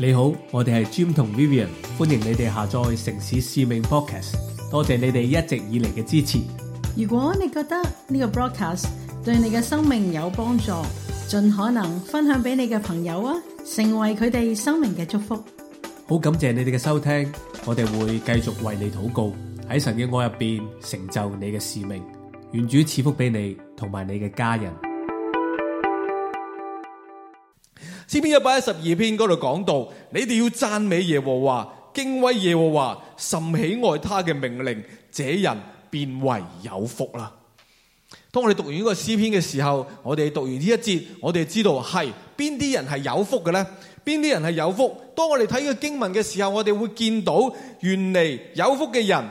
你好，我哋係 Jim 同 Vivian，歡迎你哋下載城市使命 Podcast，多謝你哋一直以嚟嘅支持。如果你覺得呢個 Podcast 對你嘅生命有幫助，盡可能分享俾你嘅朋友啊，成為佢哋生命嘅祝福。好感謝你哋嘅收聽，我哋會繼續為你禱告，喺神嘅愛入邊成就你嘅使命，願主賜福俾你同埋你嘅家人。詩篇一百一十二篇嗰度講到，你哋要讚美耶和華，敬畏耶和華，甚喜愛他嘅命令，這人便為有福啦。當我哋讀完呢個詩篇嘅時候，我哋讀完呢一節，我哋知道係邊啲人係有福嘅咧？邊啲人係有福？當我哋睇呢個經文嘅時候，我哋會見到原嚟有福嘅人。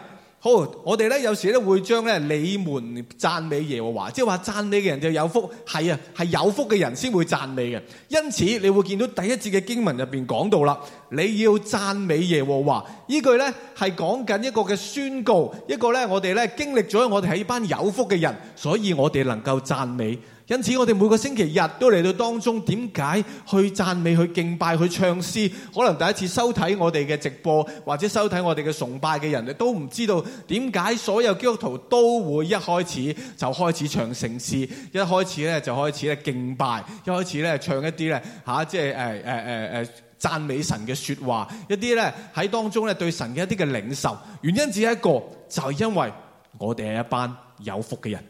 好，我哋咧有時咧會將咧你們讚美耶和華，即係話讚美嘅人就有福，係啊，係有福嘅人先會讚美嘅。因此你會見到第一節嘅經文入邊講到啦，你要讚美耶和華，依句咧係講緊一個嘅宣告，一個咧我哋咧經歷咗我哋係班有福嘅人，所以我哋能夠讚美。因此，我哋每個星期日都嚟到當中，點解去讚美、去敬拜、去唱詩？可能第一次收睇我哋嘅直播或者收睇我哋嘅崇拜嘅人，都唔知道點解所有基督徒都會一開始就開始唱聖詩，一開始咧就開始咧敬拜，一開始咧唱一啲咧嚇，即係誒誒誒誒讚美神嘅說話，一啲咧喺當中咧對神嘅一啲嘅領受。原因只有一個，就係因為我哋係一班有福嘅人。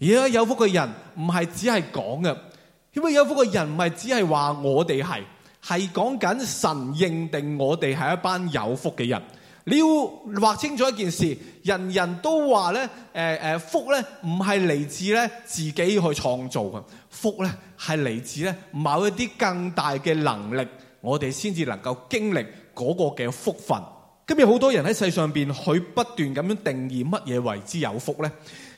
而家有福嘅人唔係只係講嘅，因為有福嘅人唔係只係話我哋係，係講緊神認定我哋係一班有福嘅人。你要劃清楚一件事，人人都話咧，誒誒，福咧唔係嚟自咧自己去創造嘅，福咧係嚟自咧某一啲更大嘅能力，我哋先至能夠經歷嗰個嘅福分。今日好多人喺世上邊，佢不斷咁樣定義乜嘢為之有福咧？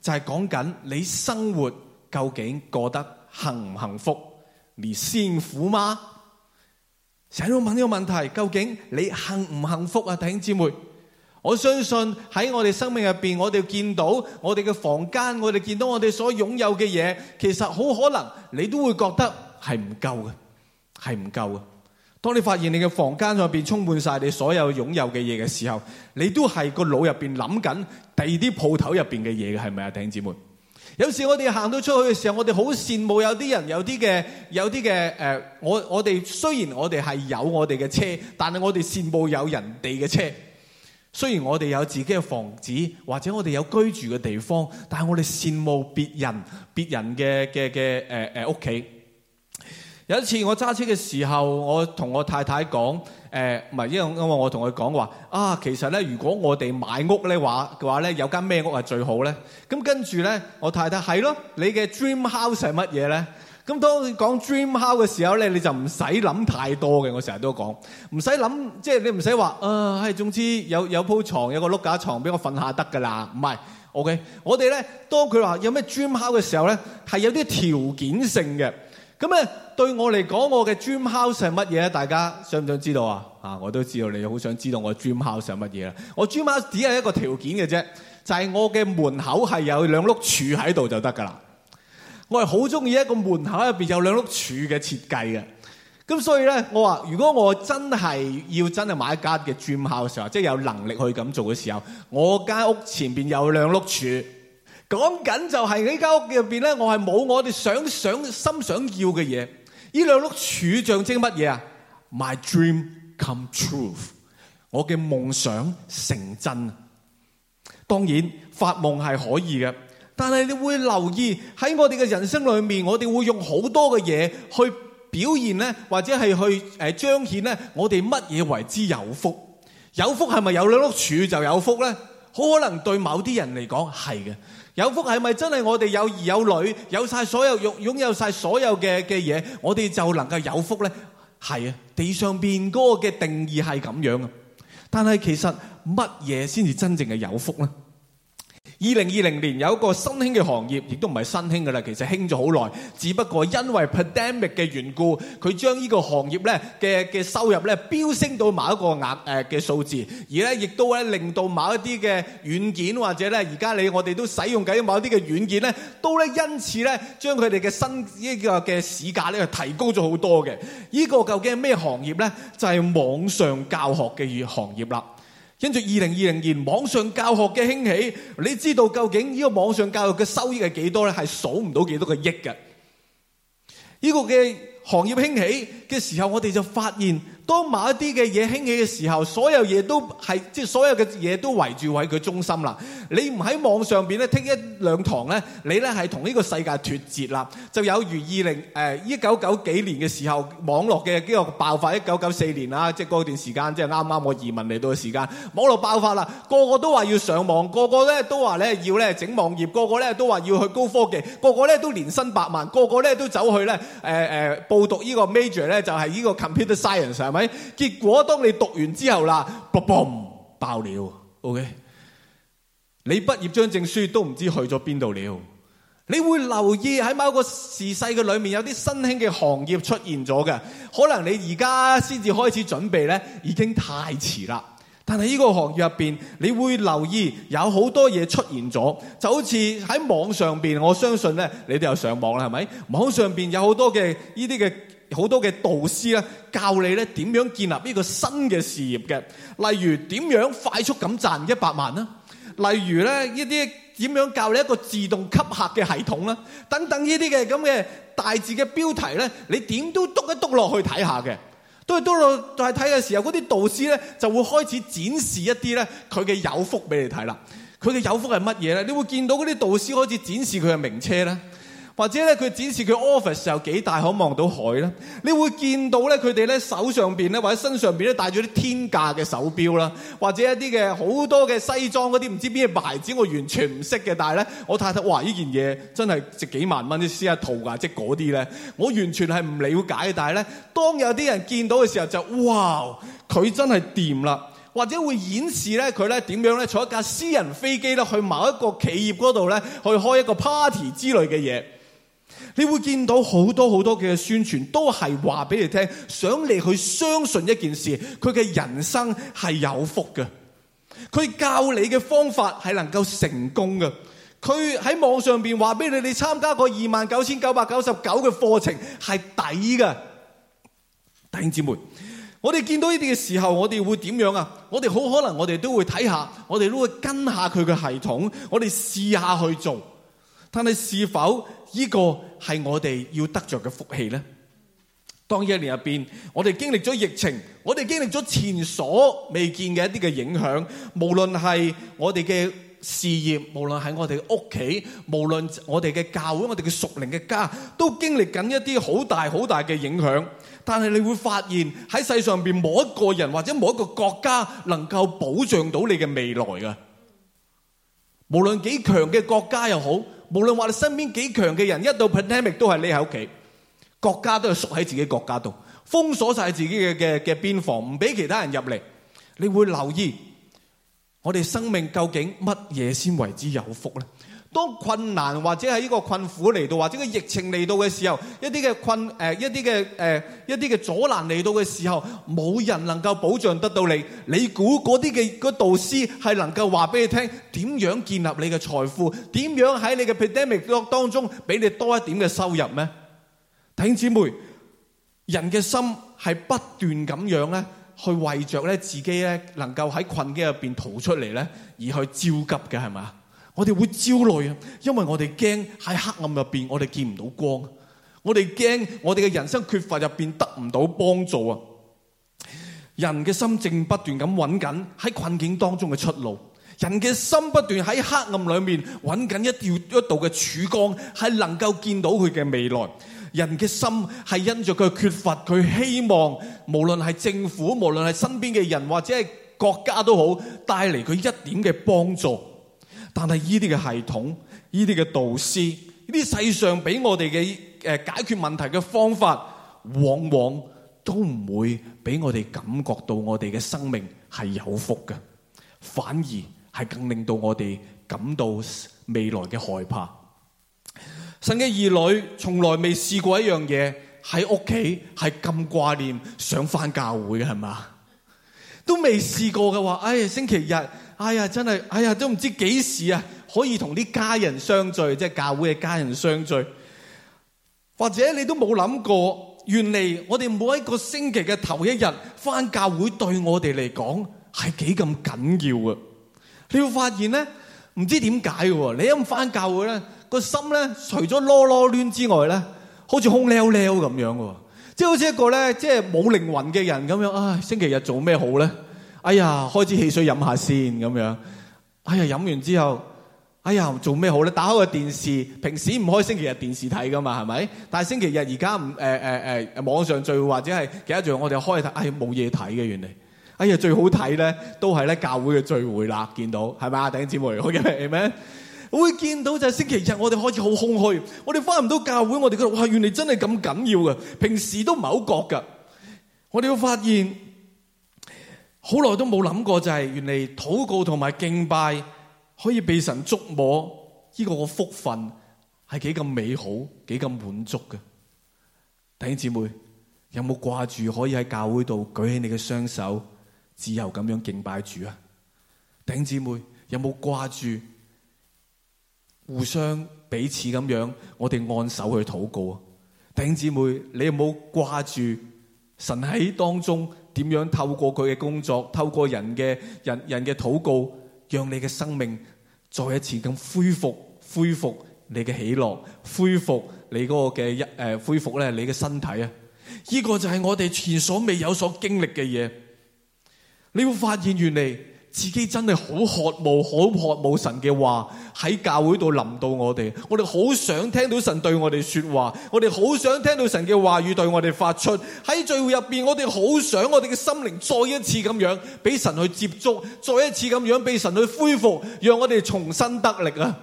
就係講緊你生活究竟過得幸唔幸福而辛苦嗎？成日要問呢個問題，究竟你幸唔幸福啊？弟兄姊妹，我相信喺我哋生命入邊，我哋見到我哋嘅房間，我哋見到我哋所擁有嘅嘢，其實好可能你都會覺得係唔夠嘅，係唔夠嘅。當你發現你嘅房間入面充滿晒你所有擁有嘅嘢嘅時候，你都係個腦入面諗緊第二啲鋪頭入邊嘅嘢嘅係咪啊？弟兄姊妹，有時我哋行到出去嘅時候，我哋好羨慕有啲人有啲嘅有啲嘅誒，我我哋雖然我哋係有我哋嘅車，但係我哋羨慕有人哋嘅車。雖然我哋有自己嘅房子或者我哋有居住嘅地方，但係我哋羨慕別人別人嘅嘅嘅誒誒屋企。有一次我揸車嘅時候，我同我太太講，誒、呃，唔係，因為因為我同佢講話，啊，其實咧，如果我哋買屋咧話嘅話咧，有間咩屋係最好咧？咁跟住咧，我太太係咯，你嘅 dream house 係乜嘢咧？咁當講 dream house 嘅時候咧，你就唔使諗太多嘅。我成日都講，唔使諗，即、就、係、是、你唔使話，啊，係總之有有鋪床，有個碌架床俾我瞓下得噶啦。唔係，OK，我哋咧當佢話有咩 dream house 嘅時候咧，係有啲條件性嘅。咁咧對我嚟講，我嘅 dream house 係乜嘢咧？大家想唔想知道啊？啊，我都知道你好想知道我 dream house 係乜嘢啦。我 dream house 只係一個條件嘅啫，就係我嘅門口係有兩碌柱喺度就得噶啦。我係好中意一個門口入邊有兩碌柱嘅設計嘅。咁所以咧，我話如果我真係要真係買一間嘅 dream house 嘅時候，即係有能力去咁做嘅時候，我間屋前邊有兩碌柱。講緊就係呢間屋入邊咧，我係冇我哋想想心想要嘅嘢。呢兩碌柱象徵乜嘢啊？My dream come true，我嘅夢想成真。當然發夢係可以嘅，但係你會留意喺我哋嘅人生裏面，我哋會用好多嘅嘢去表現咧，或者係去誒彰顯咧，我哋乜嘢為之有福？有福係咪有兩碌柱就有福咧？好可能對某啲人嚟講係嘅。有福係咪真係我哋有兒有女，有晒所有擁擁有晒所有嘅嘅嘢，我哋就能夠有福咧？係啊，地上邊個嘅定義係咁樣啊。但係其實乜嘢先至真正嘅有福咧？二零二零年有一個新興嘅行業，亦都唔係新興嘅啦。其實興咗好耐，只不過因為 pandemic 嘅緣故，佢將呢個行業呢嘅收入飆升到某一個額的嘅數字，而呢亦都令到某一啲嘅軟件或者呢而家你我哋都使用緊某一啲嘅軟件呢都因此呢將佢哋嘅新呢個嘅市價提高咗好多嘅。呢個究竟係咩行業呢？就係網上教學嘅業行業啦。跟住二零二零年網上教學嘅興起，你知道究竟呢個網上教育嘅收益係幾多咧？係數唔到幾多個億嘅。呢、這個嘅行業興起嘅時候，我哋就發現。當某一啲嘅嘢興起嘅時候，所有嘢都係即係所有嘅嘢都圍住喺佢中心啦。你唔喺網上邊咧聽一,一兩堂咧，你咧係同呢個世界脫節啦。就有如二零誒、呃、一九九幾年嘅時候，網絡嘅呢個爆發，一九九四年啊，即係嗰段時間，即係啱啱我移民嚟到嘅時間網絡爆發啦，個個都話要上網，個個咧都話咧要咧整網頁，個個咧都話要去高科技，個個咧都年薪百萬，個個咧都走去咧誒誒報讀呢個 major 咧，就係、是、呢個 computer science 上結果當你讀完之後啦 boom 爆了，OK？你畢業張證書都唔知去咗邊度了。你會留意喺某個時勢嘅裏面，有啲新興嘅行業出現咗嘅。可能你而家先至開始準備呢，已經太遲啦。但係呢個行業入邊，你會留意有好多嘢出現咗，就好似喺網上邊，我相信呢，你都有上網啦，係咪？網上邊有好多嘅呢啲嘅。好多嘅導師咧，教你咧點樣建立呢個新嘅事業嘅，例如點樣快速咁賺一百萬啦，例如咧呢啲點樣教你一個自動吸客嘅系統啦，等等呢啲嘅咁嘅大字嘅標題咧，你點都篤一篤落去睇下嘅，都係篤落再睇嘅時候，嗰啲導師咧就會開始展示一啲咧佢嘅有福俾你睇啦，佢嘅有福係乜嘢咧？你會見到嗰啲導師開始展示佢嘅名車咧。或者咧佢展示佢 office 有幾大可望到海咧，你會見到咧佢哋咧手上邊咧或者身上邊咧帶咗啲天價嘅手錶啦，或者一啲嘅好多嘅西裝嗰啲唔知邊嘢牌子，我完全唔識嘅。但係咧，我睇睇，哇！呢件嘢真係值幾萬蚊先下圖啊，即係嗰啲咧，我完全係唔了解嘅。但係咧，當有啲人見到嘅時候就，哇，佢真係掂啦。或者會演示咧佢咧點樣咧坐一架私人飛機咧去某一個企業嗰度咧去開一個 party 之類嘅嘢。你會見到好多好多嘅宣傳，都係話俾你聽，想你去相信一件事，佢嘅人生係有福嘅，佢教你嘅方法係能夠成功嘅，佢喺網上邊話俾你，你參加個二萬九千九百九十九嘅課程係抵嘅。弟兄姊妹，我哋見到呢啲嘅時候，我哋會點樣啊？我哋好可能，我哋，我哋都會睇下，我哋都會跟下佢嘅系統，我哋試下去做，但係是否。呢、這個係我哋要得着嘅福氣咧？當一年入邊，我哋經歷咗疫情，我哋經歷咗前所未見嘅一啲嘅影響，無論係我哋嘅事業，無論係我哋屋企，無論我哋嘅教會，我哋嘅屬靈嘅家，都經歷緊一啲好大好大嘅影響。但係你會發現喺世上邊冇一個人或者冇一個國家能夠保障到你嘅未來嘅，無論幾強嘅國家又好，無論話你身邊幾強嘅人，一到 pandemic 都係匿喺屋企，國家都係縮喺自己國家度，封鎖晒自己嘅嘅嘅邊防，唔俾其他人入嚟。你會留意我哋生命究竟乜嘢先為之有福呢？當困難或者係呢個困苦嚟到，或者個疫情嚟到嘅時候，一啲嘅困誒、呃，一啲嘅誒，一啲嘅阻難嚟到嘅時候，冇人能夠保障得到你。你估嗰啲嘅個導師係能夠話俾你聽點樣建立你嘅財富，點樣喺你嘅 pandemic 當當中俾你多一點嘅收入咩？弟兄姊妹，人嘅心係不斷咁樣咧，去為着咧自己咧能夠喺困境入邊逃出嚟咧，而去焦急嘅係咪？我哋會焦慮啊，因為我哋驚喺黑暗入邊，我哋見唔到光；我哋驚我哋嘅人生缺乏入邊得唔到幫助啊！人嘅心正不斷咁揾緊喺困境當中嘅出路，人嘅心不斷喺黑暗裏面揾緊一條一道嘅曙光，係能夠見到佢嘅未來。人嘅心係因着佢缺乏，佢希望無論係政府，無論係身邊嘅人或者係國家都好，帶嚟佢一點嘅幫助。但係呢啲嘅系統，呢啲嘅導師，呢啲世上俾我哋嘅誒解決問題嘅方法，往往都唔會俾我哋感覺到我哋嘅生命係有福嘅，反而係更令到我哋感到未來嘅害怕。神嘅兒女從來未試過一樣嘢喺屋企係咁掛念想翻教會㗎係嘛，都未試過嘅話，哎，星期日。哎呀，真係，哎呀，都唔知幾時啊，可以同啲家人相聚，即係教會嘅家人相聚。或者你都冇諗過，原嚟我哋每一個星期嘅頭一日翻教會，對我哋嚟講係幾咁緊要啊！你會發現咧，唔知點解喎。你一咁翻教會咧，個心咧除咗囉囉攣之外咧，好似空溜溜咁樣喎。即係好似一個咧，即係冇靈魂嘅人咁樣。啊、哎，星期日做咩好咧？哎呀，開支汽水飲下先咁樣。哎呀，飲完之後，哎呀，做咩好咧？打開個電視，平時唔開，星期日電視睇噶嘛，係咪？但係星期日而家唔誒誒誒網上聚會或者係其他聚會，我哋開睇，哎冇嘢睇嘅原嚟。哎呀，最好睇咧，都係咧教會嘅聚會啦。見到係咪啊，頂姊妹好嘅係咪？Okay, amen 我會見到就係星期日我空，我哋開始好空虛，我哋翻唔到教會，我哋覺得哇，原嚟真係咁緊要噶。平時都唔係好覺噶，我哋會發現。好耐都冇諗過，就係原嚟禱告同埋敬拜可以被神觸摸，呢個嘅福分係幾咁美好，幾咁滿足嘅。弟兄姊妹有冇掛住可以喺教會度舉起你嘅雙手，自由咁樣敬拜主啊？弟兄姊妹有冇掛住互相彼此咁樣，我哋按手去禱告啊？弟兄姊妹你有冇掛住神喺當中？點樣透過佢嘅工作，透過人嘅人人嘅禱告，讓你嘅生命再一次咁恢復，恢復你嘅喜樂，恢復你嗰個嘅一誒，恢復咧你嘅身體啊！呢個就係我哋前所未有所經歷嘅嘢，你會發現原嚟。自己真係好渴慕，好渴慕神嘅話喺教會度臨到我哋。我哋好想聽到神對我哋說話，我哋好想聽到神嘅話語對我哋發出喺聚會入邊。我哋好想我哋嘅心靈再一次咁樣俾神去接觸，再一次咁樣俾神去恢復，讓我哋重新得力啊！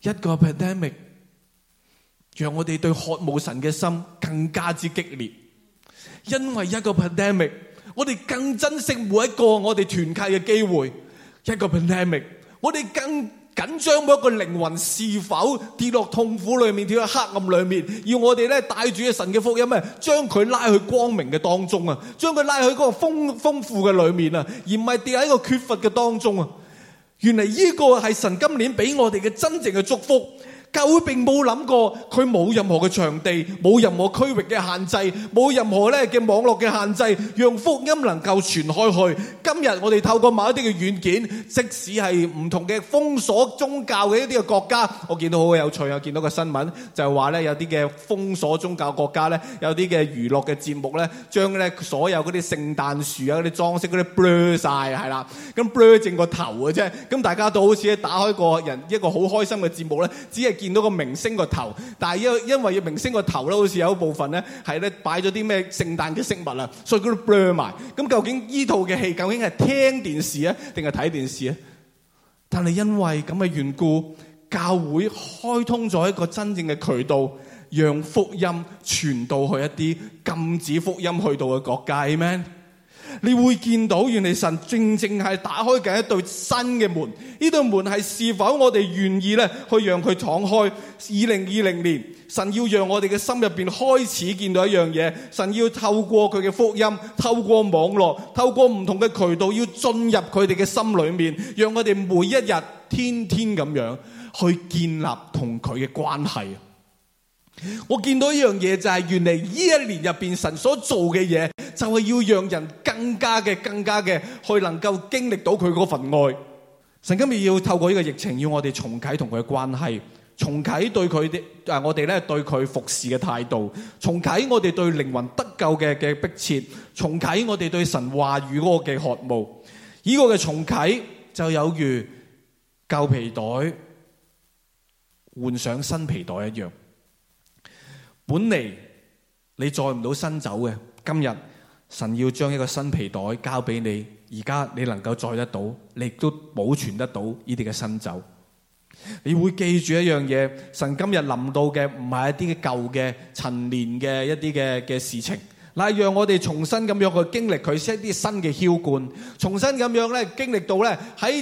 一個 pandemic 讓我哋對渴慕神嘅心更加之激烈，因為一個 pandemic。我哋更珍惜每一個我哋團契嘅機會，一個 pandemic。我哋更緊張每一個靈魂是否跌落痛苦裏面，跌落黑暗裏面，要我哋咧帶住神嘅福音咧，將佢拉去光明嘅當中啊，將佢拉去嗰個豐豐富嘅裏面啊，而唔係跌喺一個缺乏嘅當中啊。原來呢個係神今年俾我哋嘅真正嘅祝福。教會並冇諗過佢冇任何嘅場地，冇任何區域嘅限制，冇任何咧嘅網絡嘅限制，讓福音能夠傳開去。今日我哋透過某一啲嘅軟件，即使係唔同嘅封鎖宗教嘅一啲嘅國家，我見到好有趣啊！見到個新聞就係話咧，有啲嘅封鎖宗教國家咧，有啲嘅娛樂嘅節目咧，將咧所有嗰啲聖誕樹啊、嗰啲裝飾嗰啲 blur 曬係啦，咁 blur 正個頭嘅啫。咁大家都好似咧打開個人一個好開心嘅節目咧，只係。見到個明星個頭，但係因因為個明星個頭咧，好似有一部分咧係咧擺咗啲咩聖誕嘅飾物啦，所以佢都 blur 埋。咁究竟呢套嘅戲究竟係聽電視咧，定係睇電視咧？但係因為咁嘅緣故，教會開通咗一個真正嘅渠道，讓福音傳到去一啲禁止福音去到嘅國家，Amen。你會見到，原嚟神正正係打開嘅一對新嘅門。呢對門係是否我哋願意咧去讓佢敞開？二零二零年，神要讓我哋嘅心入邊開始見到一樣嘢。神要透過佢嘅福音，透過網絡，透過唔同嘅渠道，要進入佢哋嘅心裏面，讓我哋每一日天,天天咁樣去建立同佢嘅關係。我見到一樣嘢，就係原來呢一年入邊神所做嘅嘢，就係要讓人更加嘅、更加嘅去能夠經歷到佢嗰份愛。神今日要透過呢個疫情，要我哋重啟同佢嘅關係，重啟對佢哋誒，我哋咧對佢服侍嘅態度，重啟我哋對靈魂得救嘅嘅迫切，重啟我哋對神話語嗰個嘅渴慕。呢個嘅重啟就有如舊皮袋換上新皮袋一樣。本嚟你載唔到新酒嘅，今日神要將一個新皮袋交畀你，而家你能夠載得到，你亦都保存得到呢啲嘅新酒。你會記住一樣嘢，神今日臨到嘅唔係一啲嘅舊嘅陳年嘅一啲嘅事情。讓我們重新咁樣去經歷佢一啲新的囂冠，重新咁樣經歷到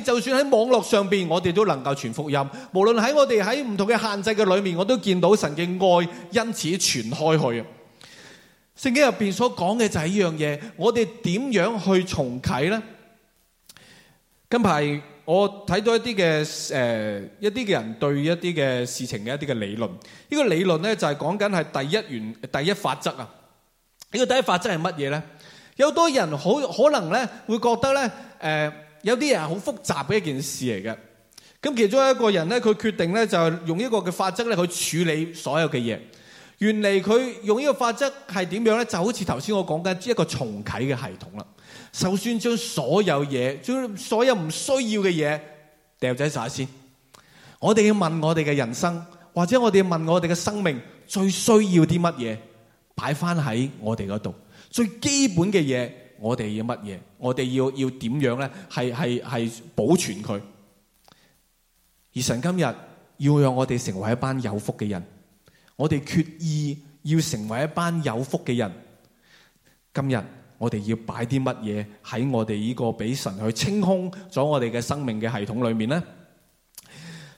就算喺網絡上面我哋都能夠傳福音。無論喺我哋喺不同的限制的裏面，我都見到神的愛，因此傳開去。聖經入邊所講的就是一樣嘢，我哋點樣去重啟呢？今排我睇到一些、呃、一啲人對一啲事情一些的一啲理論，這個理論就是講緊係第一原、第一法則呢、這個第一法則係乜嘢咧？有多人好可能咧，會覺得咧，誒、呃，有啲人係好複雜嘅一件事嚟嘅。咁其中一個人咧，佢決定咧，就用呢個嘅法則咧去處理所有嘅嘢。原嚟佢用呢個法則係點樣咧？就好似頭先我講緊一個重啓嘅系統啦。首先將所有嘢，將所有唔需要嘅嘢掉仔晒先，我哋要問我哋嘅人生，或者我哋要問我哋嘅生命最需要啲乜嘢？擺翻喺我哋嗰度，最基本嘅嘢，我哋要乜嘢？我哋要要點樣咧？係係係保存佢。而神今日要讓我哋成為一班有福嘅人，我哋決意要成為一班有福嘅人。今日我哋要擺啲乜嘢喺我哋呢個俾神去清空咗我哋嘅生命嘅系統裏面呢？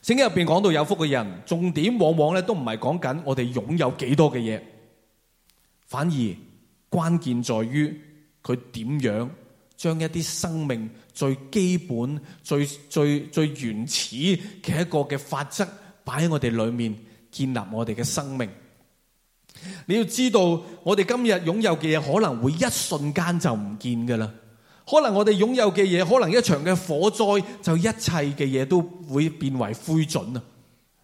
聖經入邊講到有福嘅人，重點往往咧都唔係講緊我哋擁有幾多嘅嘢。反而關鍵在於佢點樣將一啲生命最基本、最最最原始嘅一個嘅法則擺喺我哋裏面，建立我哋嘅生命。你要知道，我哋今日擁有嘅嘢，可能會一瞬間就唔見噶啦，可能我哋擁有嘅嘢，可能一場嘅火災就一切嘅嘢都會變為灰燼啊！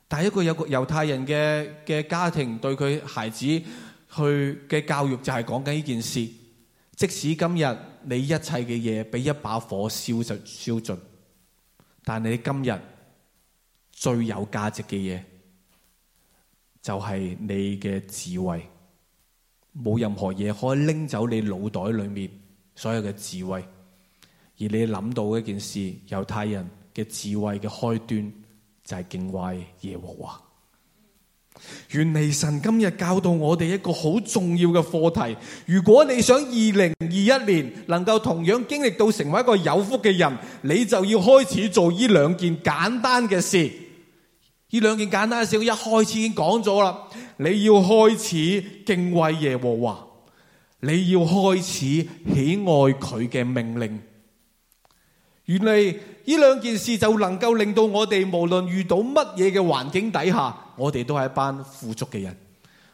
但係一個有個猶太人嘅嘅家庭對佢孩子。佢嘅教育就係講緊呢件事，即使今日你一切嘅嘢，俾一把火燒就燒盡，但你今日最有價值嘅嘢就係你嘅智慧，冇任何嘢可以拎走你腦袋裏面所有嘅智慧，而你諗到嘅一件事，猶太人嘅智慧嘅開端就係敬畏耶和華。原嚟神今日教導我哋一個好重要嘅課題。如果你想二零二一年能夠同樣經歷到成為一個有福嘅人，你就要開始做呢兩件簡單嘅事。呢兩件簡單嘅事，我一開始已經講咗啦。你要開始敬畏耶和華，你要開始喜愛佢嘅命令。原來呢兩件事就能夠令到我哋無論遇到乜嘢嘅環境底下，我哋都係一班富足嘅人。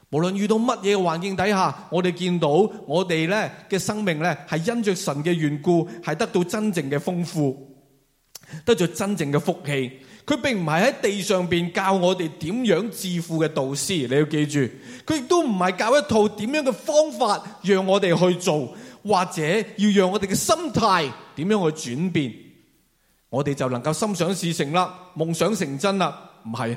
無論遇到乜嘢嘅環境底下，我哋見到我哋咧嘅生命咧係因着神嘅緣故係得到真正嘅豐富，得着真正嘅福氣。佢並唔係喺地上邊教我哋點樣致富嘅導師。你要記住，佢亦都唔係教一套點樣嘅方法讓我哋去做，或者要讓我哋嘅心態點樣去轉變，我哋就能夠心想事成啦，夢想成真啦，唔係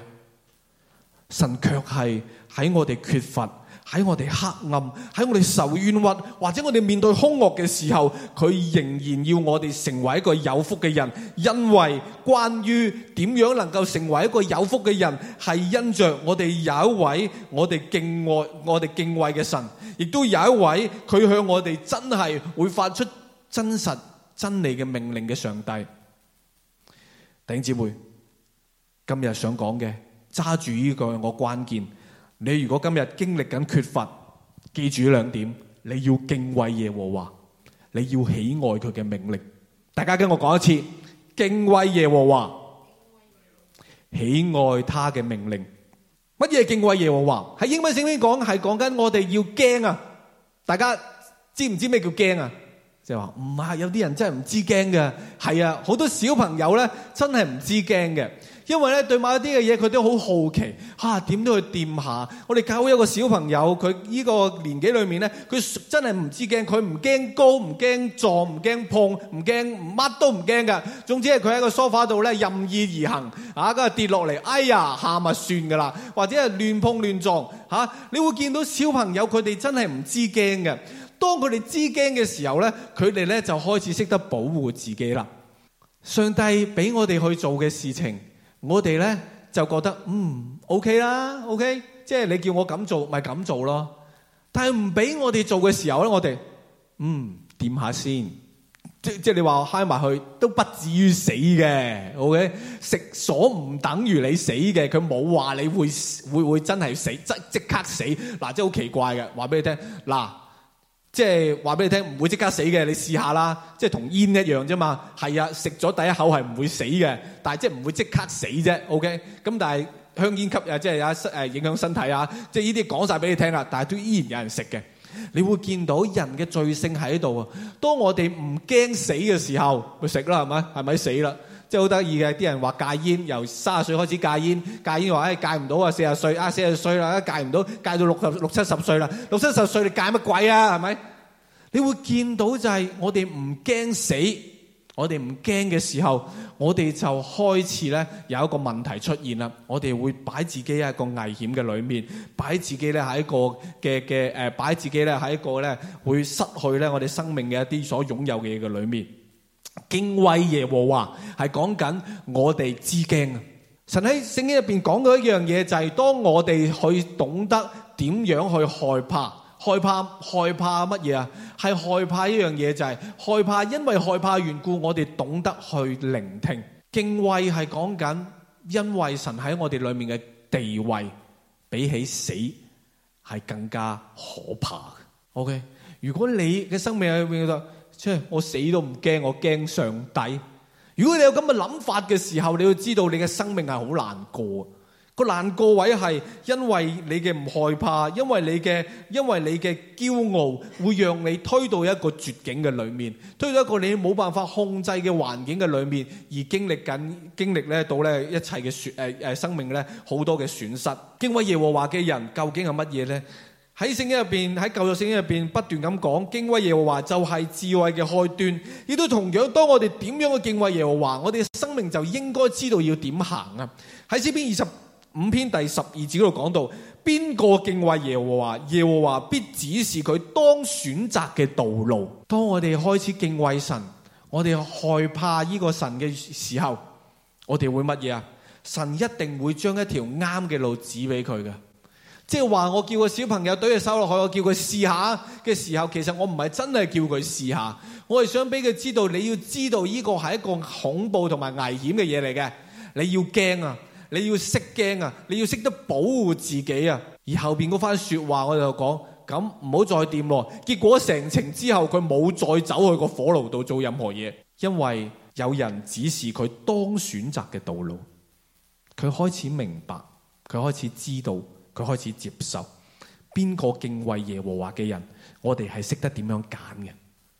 神卻係喺我哋缺乏，喺我哋黑暗，喺我哋受冤屈，或者我哋面對凶惡嘅時候，佢仍然要我哋成為一個有福嘅人。因為關於點樣能夠成為一個有福嘅人，係因着我哋有一位我哋敬愛、我哋敬畏嘅神，亦都有一位佢向我哋真係會發出真實真理嘅命令嘅上帝。弟兄姊妹，今日想講嘅，揸住呢個係我關鍵。你如果今日經歷緊缺乏，記住兩點，你要敬畏耶和華，你要喜愛佢嘅命令。大家跟我講一次，敬畏耶和華，喜愛他嘅命令。乜嘢敬畏耶和華？喺英文聖經講，係講緊我哋要驚啊！大家知唔知咩叫驚啊？就話唔係，有啲人真係唔知驚嘅。係啊，好多小朋友咧，真係唔知驚嘅。因為咧，對某啲嘅嘢，佢都好好奇。吓、啊，點都去掂下？我哋教一個小朋友，佢呢個年紀裏面咧，佢真係唔知驚，佢唔驚高，唔驚撞，唔驚碰，唔驚乜都唔驚嘅。總之係佢喺個梳化度咧任意而行，吓、啊，跟住跌落嚟，哎呀喊咪算噶啦，或者係亂碰亂撞，吓、啊，你會見到小朋友佢哋真係唔知驚嘅。當佢哋知驚嘅時候咧，佢哋咧就開始識得保護自己啦。上帝俾我哋去做嘅事情，我哋咧就覺得嗯 OK 啦，OK，即係你叫我咁做咪咁做咯。但係唔俾我哋做嘅時候咧，我哋嗯掂下先，即即係你話嗨埋去，都不至於死嘅。OK，食所唔等於你死嘅，佢冇話你會會會會真係死，即即刻死嗱，即係好奇怪嘅。話俾你聽嗱。即係話俾你聽，唔會即刻死嘅，你試下啦。即係同煙一樣啫嘛。係啊，食咗第一口係唔會死嘅，但係即係唔會即刻死啫。OK，咁但係香煙吸啊，即係影響身體啊。即係呢啲講晒俾你聽啦，但係都依然有人食嘅。你會見到人嘅罪性喺度啊。當我哋唔驚死嘅時候，咪食啦，係咪？係咪死啦？即係好得意嘅，啲人話戒煙，由卅歲開始戒煙，戒煙話，唉，戒唔到啊，四啊歲啊四十歲啦，戒唔到，戒到六十六七十歲啦，六七十歲你戒乜鬼啊？係咪？你會見到就係我哋唔驚死，我哋唔驚嘅時候，我哋就開始咧有一個問題出現啦。我哋會擺自己喺一個危險嘅裏面，擺自己咧喺一個嘅嘅誒，擺自己咧喺一個咧會失去咧我哋生命嘅一啲所擁有嘅嘢嘅裏面。敬畏耶和華係講緊我哋知驚啊！神喺聖經入邊講到一樣嘢就係、是，當我哋去懂得點樣去害怕，害怕害怕乜嘢啊？係害怕一樣嘢就係、是、害怕，因為害怕緣故，我哋懂得去聆聽。敬畏係講緊，因為神喺我哋裏面嘅地位比起死係更加可怕。OK，如果你嘅生命裏面我死都唔驚，我驚上帝。如果你有咁嘅諗法嘅時候，你要知道你嘅生命係好難過。個難過位係因為你嘅唔害怕，因為你嘅因為你嘅驕傲，會讓你推到一個絕境嘅裏面，推到一個你冇辦法控制嘅環境嘅裏面，而經歷緊經歷咧到咧一切嘅損誒誒，生命咧好多嘅損失。敬畏耶和華嘅人究竟係乜嘢咧？喺聖經入邊，喺舊約聖經入邊，不斷咁講敬畏耶和華就係智慧嘅開端。亦都同樣，當我哋點樣去敬畏耶和華，我哋嘅生命就應該知道要點行啊！喺詩篇二十五篇第十二節嗰度講到，邊個敬畏耶和華，耶和華必指示佢當選擇嘅道路。當我哋開始敬畏神，我哋害怕呢個神嘅時候，我哋會乜嘢啊？神一定會將一條啱嘅路指俾佢嘅。即係話，我叫個小朋友懟佢手落去，我叫佢試下嘅時候，其實我唔係真係叫佢試下，我係想俾佢知道，你要知道呢個係一個恐怖同埋危險嘅嘢嚟嘅，你要驚啊，你要識驚啊，你要識得保護自己啊。而後邊嗰番說話，我就講咁唔好再掂咯。結果成程之後，佢冇再走去個火爐度做任何嘢，因為有人指示佢當選擇嘅道路，佢開始明白，佢開始知道。佢開始接受，邊個敬畏耶和華嘅人，我哋係識得點樣揀嘅，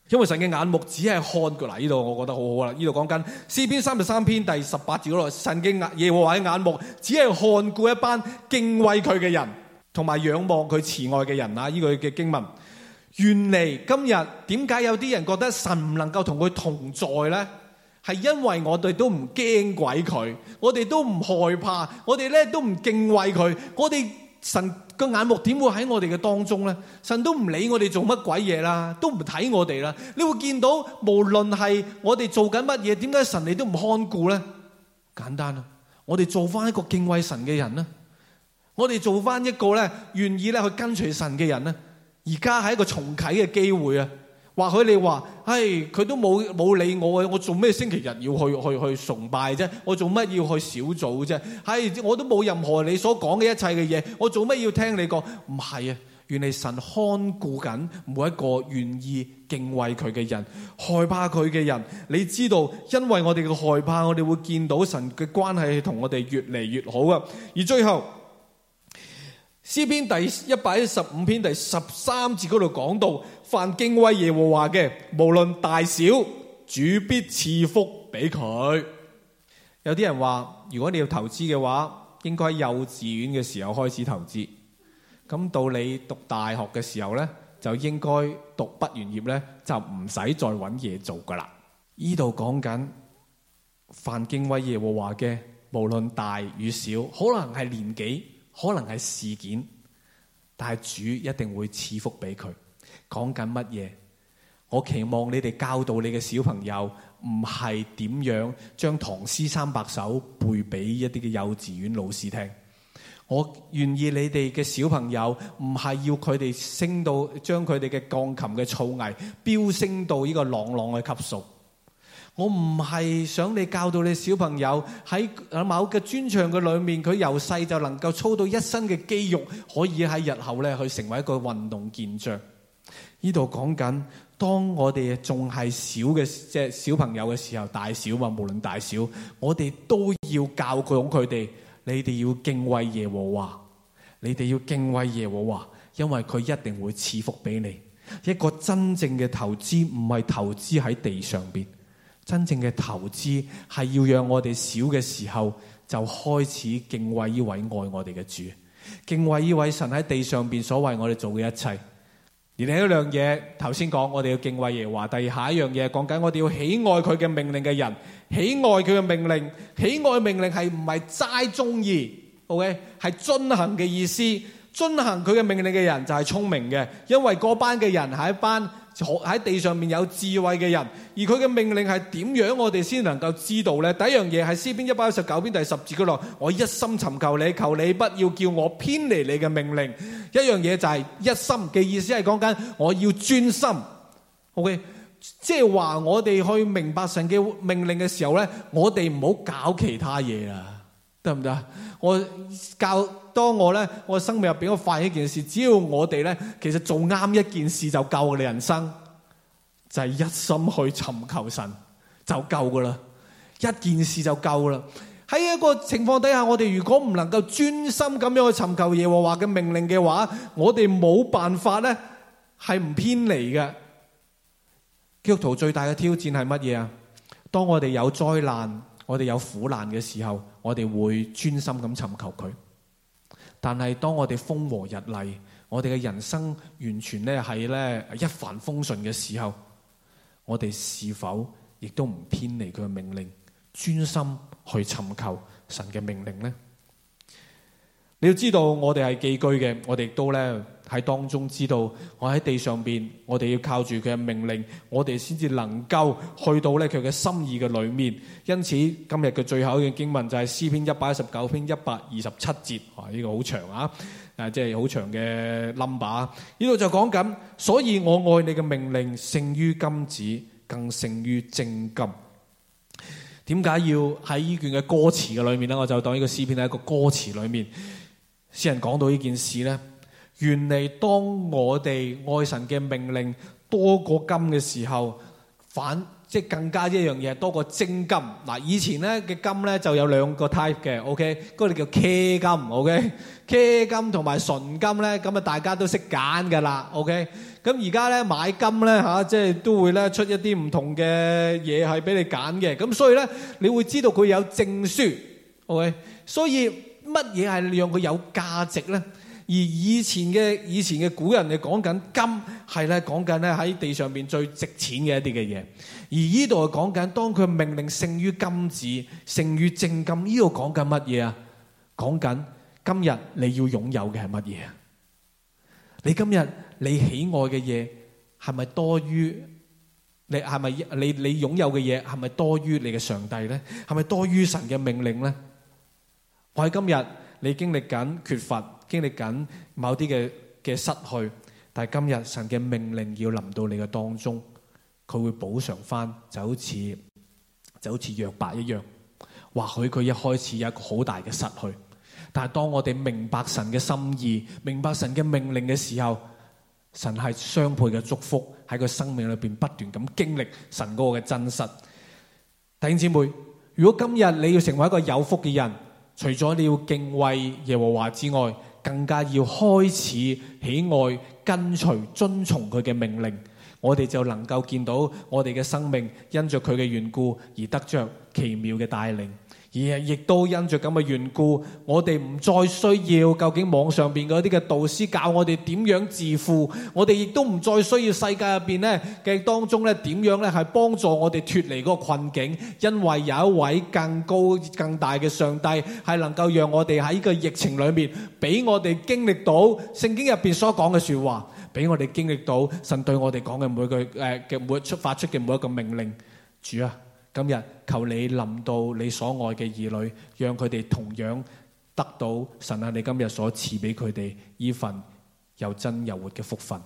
因為神嘅眼目只係看顧嗱，呢度我覺得好好啦。呢度講緊詩篇三十三篇第十八節嗰度，神經耶和華嘅眼目只係看顧一班敬畏佢嘅人，同埋仰望佢慈愛嘅人啊！呢句嘅經文，原嚟今日點解有啲人覺得神唔能夠同佢同在咧？係因為我哋都唔驚鬼佢，我哋都唔害怕，我哋咧都唔敬畏佢，我哋。我神個眼目點會喺我哋嘅當中咧？神都唔理我哋做乜鬼嘢啦，都唔睇我哋啦。你會見到無論係我哋做緊乜嘢，點解神你都唔看顧咧？簡單啦，我哋做翻一個敬畏神嘅人啦，我哋做翻一個咧願意咧去跟隨神嘅人咧，而家係一個重啟嘅機會啊！或許你話，唉、哎，佢都冇冇理我，我做咩星期日要去去去崇拜啫？我做乜要去小組啫？唉、哎，我都冇任何你所講嘅一切嘅嘢，我做乜要聽你講？唔係啊，原來神看顧緊每一個願意敬畏佢嘅人，害怕佢嘅人。你知道，因為我哋嘅害怕，我哋會見到神嘅關係同我哋越嚟越好啊！而最後，詩篇第一百一十五篇第十三節嗰度講到。凡敬畏耶和華嘅，無論大小，主必賜福俾佢。有啲人話，如果你要投資嘅話，應該幼稚園嘅時候開始投資。咁到你讀大學嘅時候呢，就應該讀畢完業呢，就唔使再揾嘢做噶啦。呢度講緊，凡敬畏耶和華嘅，無論大與小，可能係年紀，可能係事件，但係主一定會賜福俾佢。講緊乜嘢？我期望你哋教到你嘅小朋友，唔係點樣將唐詩三百首背俾一啲嘅幼稚園老師聽。我願意你哋嘅小朋友，唔係要佢哋升到將佢哋嘅鋼琴嘅造詣飆升到呢個朗朗嘅級數。我唔係想你教到你小朋友喺某個專長嘅裏面，佢由細就能夠操到一身嘅肌肉，可以喺日後咧去成為一個運動健將。呢度講緊，當我哋仲係小嘅，即係小朋友嘅時候，大小嘛，無論大小，我哋都要教養佢哋。你哋要敬畏耶和華，你哋要敬畏耶和華，因為佢一定會賜福俾你。一個真正嘅投資唔係投資喺地上邊，真正嘅投資係要讓我哋小嘅時候就開始敬畏呢位愛我哋嘅主，敬畏呢位神喺地上邊所為我哋做嘅一切。而另一樣嘢，頭先講，我哋要敬畏耶和華。第二，下一樣嘢講緊，我哋要喜愛佢嘅命令嘅人，喜愛佢嘅命令，喜愛命令係唔係齋中意？OK，係遵行嘅意思。遵行佢嘅命令嘅人就係聰明嘅，因為嗰班嘅人係一班。喺地上面有智慧嘅人，而佢嘅命令係點樣，我哋先能夠知道呢？第一樣嘢係詩篇一百一十九篇第十節嗰度，我一心尋求你，求你不要，要叫我偏離你嘅命令。一樣嘢就係、是、一心嘅意思係講緊我要專心。OK，即係話我哋去明白神嘅命令嘅時候呢，我哋唔好搞其他嘢啦，得唔得？我教。當我咧，我生命入邊，我發現一件事：只要我哋咧，其實做啱一件事就夠你人生，就係一心去尋求神就夠噶啦，一件事就夠啦。喺一個情況底下，我哋如果唔能夠專心咁樣去尋求耶和華嘅命令嘅話，我哋冇辦法咧係唔偏離嘅。基督徒最大嘅挑戰係乜嘢啊？當我哋有災難、我哋有苦難嘅時候，我哋會專心咁尋求佢。但係當我哋風和日麗，我哋嘅人生完全係一帆風順嘅時候，我哋是否亦都唔偏離佢嘅命令，專心去尋求神嘅命令呢？你要知道，我哋係寄居嘅，我哋亦都喺當中知道我在，我喺地上邊，我哋要靠住佢嘅命令，我哋先至能夠去到呢佢嘅心意嘅裏面。因此今日嘅最後一段經文就係詩篇一百一十九篇一百二十七節，啊呢、這個好長啊，即係好長嘅 number。呢度就講緊，所以我愛你嘅命令勝於金子，更勝於精金。點解要喺呢段嘅歌詞嘅裏面呢？我就當呢個詩篇係一個歌詞裏面，詩人講到呢件事呢。原嚟，當我哋愛神嘅命令多過金嘅時候，反即係更加一樣嘢係多過精金。嗱，以前咧嘅金咧就有兩個 type 嘅，OK，嗰個叫 K 金，OK，K 金同埋純金咧，咁啊大家都識揀噶啦，OK。咁而家咧買金咧吓，即係都會咧出一啲唔同嘅嘢係俾你揀嘅。咁所以咧你會知道佢有證書，OK。所以乜嘢係讓佢有價值咧？而以前嘅以前嘅古人嚟講緊金係咧講緊咧喺地上面最值錢嘅一啲嘅嘢，而呢度係講緊當佢命令勝於金子，勝於精金，呢度講緊乜嘢啊？講緊今日你要擁有嘅係乜嘢？你今日你喜愛嘅嘢係咪多於你係咪你你擁有嘅嘢係咪多於你嘅上帝咧？係咪多於神嘅命令咧？我喺今日你經歷緊缺乏，經歷緊某啲嘅嘅失去，但係今日神嘅命令要臨到你嘅當中，佢會補償翻，就好似就好似約伯一樣。或許佢一開始有一個好大嘅失去，但係當我哋明白神嘅心意，明白神嘅命令嘅時候，神係雙倍嘅祝福喺佢生命裏邊不斷咁經歷神嗰個嘅真實。弟兄姐妹，如果今日你要成為一個有福嘅人，除咗你要敬畏耶和華之外，更加要開始喜愛、跟隨、遵從佢嘅命令，我哋就能夠見到我哋嘅生命因着佢嘅緣故而得着奇妙嘅帶領。而係亦都因著咁嘅緣故，我哋唔再需要究竟網上邊嗰一啲嘅導師教我哋點樣致富，我哋亦都唔再需要世界入邊咧嘅當中咧點樣咧係幫助我哋脱離嗰個困境，因為有一位更高更大嘅上帝係能夠讓我哋喺呢個疫情裏面，俾我哋經歷到聖經入邊所講嘅説話，俾我哋經歷到神對我哋講嘅每句誒嘅每出發出嘅每一個命令，主啊！今日求你臨到你所愛嘅兒女，讓佢哋同樣得到神啊！你今日所賜畀佢哋呢份又真又活嘅福分。